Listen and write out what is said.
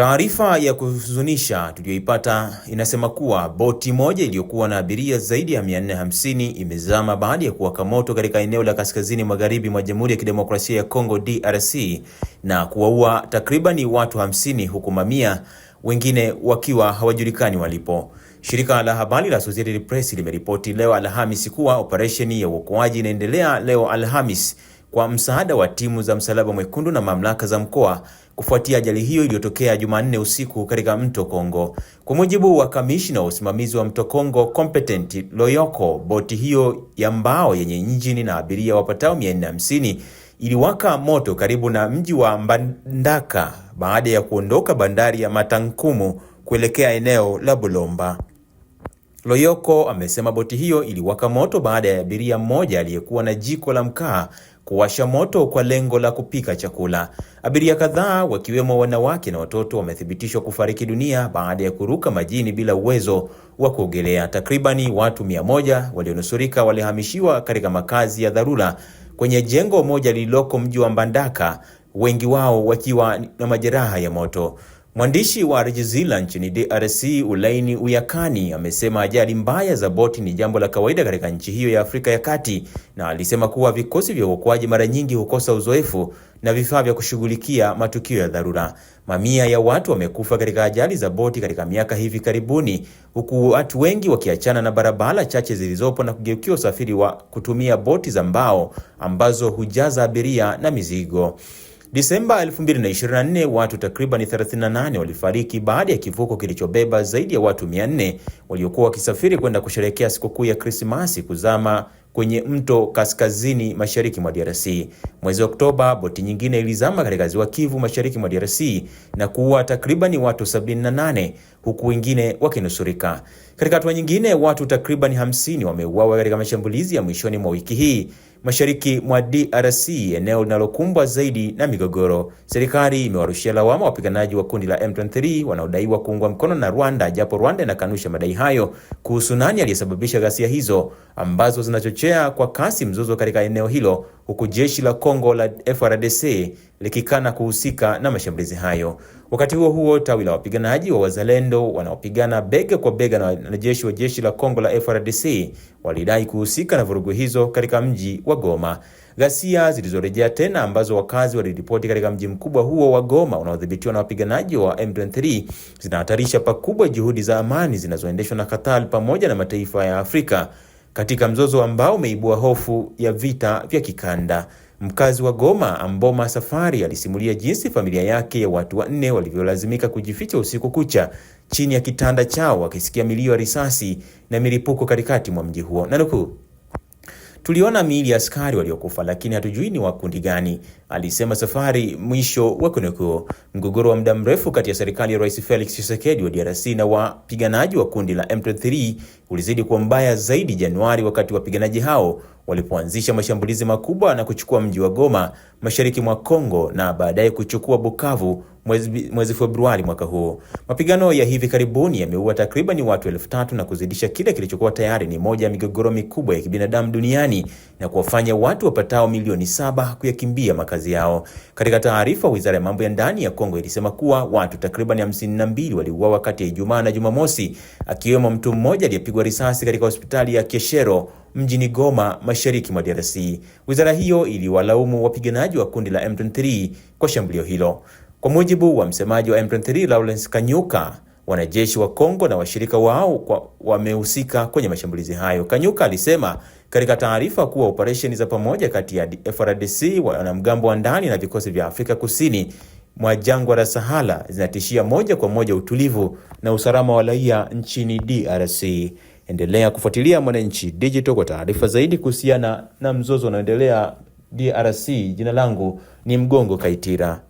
Taarifa ya kuhuzunisha tuliyoipata inasema kuwa boti moja iliyokuwa na abiria zaidi ya 450 imezama baada ya kuwaka moto katika eneo la kaskazini magharibi mwa Jamhuri ya Kidemokrasia ya Kongo DRC na kuwaua takribani watu 50 huku mamia wengine wakiwa hawajulikani walipo. Shirika la habari la Associated Press limeripoti leo Alhamis kuwa operesheni ya uokoaji inaendelea leo Alhamis kwa msaada wa timu za Msalaba Mwekundu na mamlaka za mkoa kufuatia ajali hiyo iliyotokea Jumanne usiku katika Mto Kongo. Kwa mujibu wa kamishna wa usimamizi wa Mto Kongo Competent Loyoko, boti hiyo ya mbao yenye injini na abiria wapatao 450 iliwaka moto karibu na mji wa Mbandaka baada ya kuondoka bandari ya Matankumu kuelekea eneo la Bulomba. Loyoko amesema boti hiyo iliwaka moto baada ya abiria mmoja aliyekuwa na jiko la mkaa kuwasha moto kwa lengo la kupika chakula. Abiria kadhaa wakiwemo wanawake na watoto wamethibitishwa kufariki dunia baada ya kuruka majini bila uwezo wa kuogelea. Takribani watu 100 walionusurika walihamishiwa katika makazi ya dharura kwenye jengo moja lililoko mji wa Mbandaka, wengi wao wakiwa na majeraha ya moto. Mwandishi wa Al nchini DRC, Ulaini Uyakani, amesema ajali mbaya za boti ni jambo la kawaida katika nchi hiyo ya Afrika ya Kati, na alisema kuwa vikosi vya uokoaji mara nyingi hukosa uzoefu na vifaa vya kushughulikia matukio ya dharura. Mamia ya watu wamekufa katika ajali za boti katika miaka hivi karibuni, huku watu wengi wakiachana na barabara chache zilizopo na kugeukia usafiri wa kutumia boti za mbao ambazo hujaza abiria na mizigo. Disemba 2024, watu takriban 38 walifariki baada ya kivuko kilichobeba zaidi ya watu 400 waliokuwa wakisafiri kwenda kusherehekea sikukuu ya Krismasi kuzama kwenye mto kaskazini mashariki mwa DRC. Mwezi Oktoba, boti nyingine ilizama katika ziwa Kivu mashariki mwa DRC na kuua takribani watu 78 huku wengine wakinusurika. Katika hatua nyingine, watu takribani 50 wameuawa katika mashambulizi ya mwishoni mwa wiki hii mashariki mwa DRC, eneo linalokumbwa zaidi na migogoro. Serikali imewarushia lawama wapiganaji wa kundi la M23 wanaodaiwa kuungwa mkono na Rwanda, japo Rwanda inakanusha madai hayo kuhusu nani aliyesababisha ghasia hizo ambazo zinacho kuchochea kwa kasi mzozo katika eneo hilo huku jeshi la Kongo la FRDC likikana kuhusika na mashambulizi hayo. Wakati huo huo, tawi la wapiganaji wa Wazalendo wanaopigana bega kwa bega na wanajeshi wa jeshi la Kongo la FRDC walidai kuhusika na vurugu hizo katika mji wa Goma. Ghasia zilizorejea tena ambazo wakazi waliripoti katika mji mkubwa huo wa Goma unaodhibitiwa na wapiganaji wa M23 zinahatarisha pakubwa juhudi za amani zinazoendeshwa na Qatar pamoja na mataifa ya Afrika katika mzozo ambao umeibua hofu ya vita vya kikanda. Mkazi wa Goma Amboma Safari alisimulia jinsi familia yake ya watu wanne walivyolazimika kujificha usiku kucha chini ya kitanda chao wakisikia milio ya risasi na milipuko katikati mwa mji huo. Nanukuu, tuliona miili ya askari waliokufa, lakini hatujui ni wa kundi gani, alisema Safari, mwisho wa kunukuu. Mgogoro wa muda mrefu kati ya serikali ya Rais Felix Tshisekedi wa DRC na wapiganaji wa kundi la M23 ulizidi kuwa mbaya zaidi Januari, wakati wapiganaji hao walipoanzisha mashambulizi makubwa na kuchukua mji wa Goma mashariki mwa Kongo na baadaye kuchukua Bukavu mwezi, mwezi Februari mwaka huu. Mapigano ya hivi karibuni yameua takriban watu elfu tatu na kuzidisha kile kilichokuwa tayari ni moja ya migogoro mikubwa ya kibinadamu duniani na kuwafanya watu wapatao milioni saba kuyakimbia makazi yao. Katika taarifa, Wizara ya Mambo ya Ndani ya Kongo ilisema kuwa watu takriban 52 waliuawa kati ya Ijumaa na Jumamosi, akiwemo mtu mmoja aliyepigwa kupigwa risasi katika hospitali ya Keshero mjini Goma, mashariki mwa DRC. Wizara hiyo iliwalaumu wapiganaji wa kundi la M23 kwa shambulio hilo. Kwa mujibu wa msemaji wa M23 Lawrence Kanyuka, wanajeshi wa Kongo na washirika wao wamehusika kwenye mashambulizi hayo. Kanyuka alisema katika taarifa kuwa operesheni za pamoja kati ya frdc wanamgambo wa ndani na vikosi vya Afrika Kusini mwa jangwa la Sahara zinatishia moja kwa moja utulivu na usalama wa raia nchini DRC. Endelea kufuatilia Mwananchi Digital kwa taarifa zaidi kuhusiana na mzozo unaoendelea DRC. Jina langu ni Mgongo Kaitira.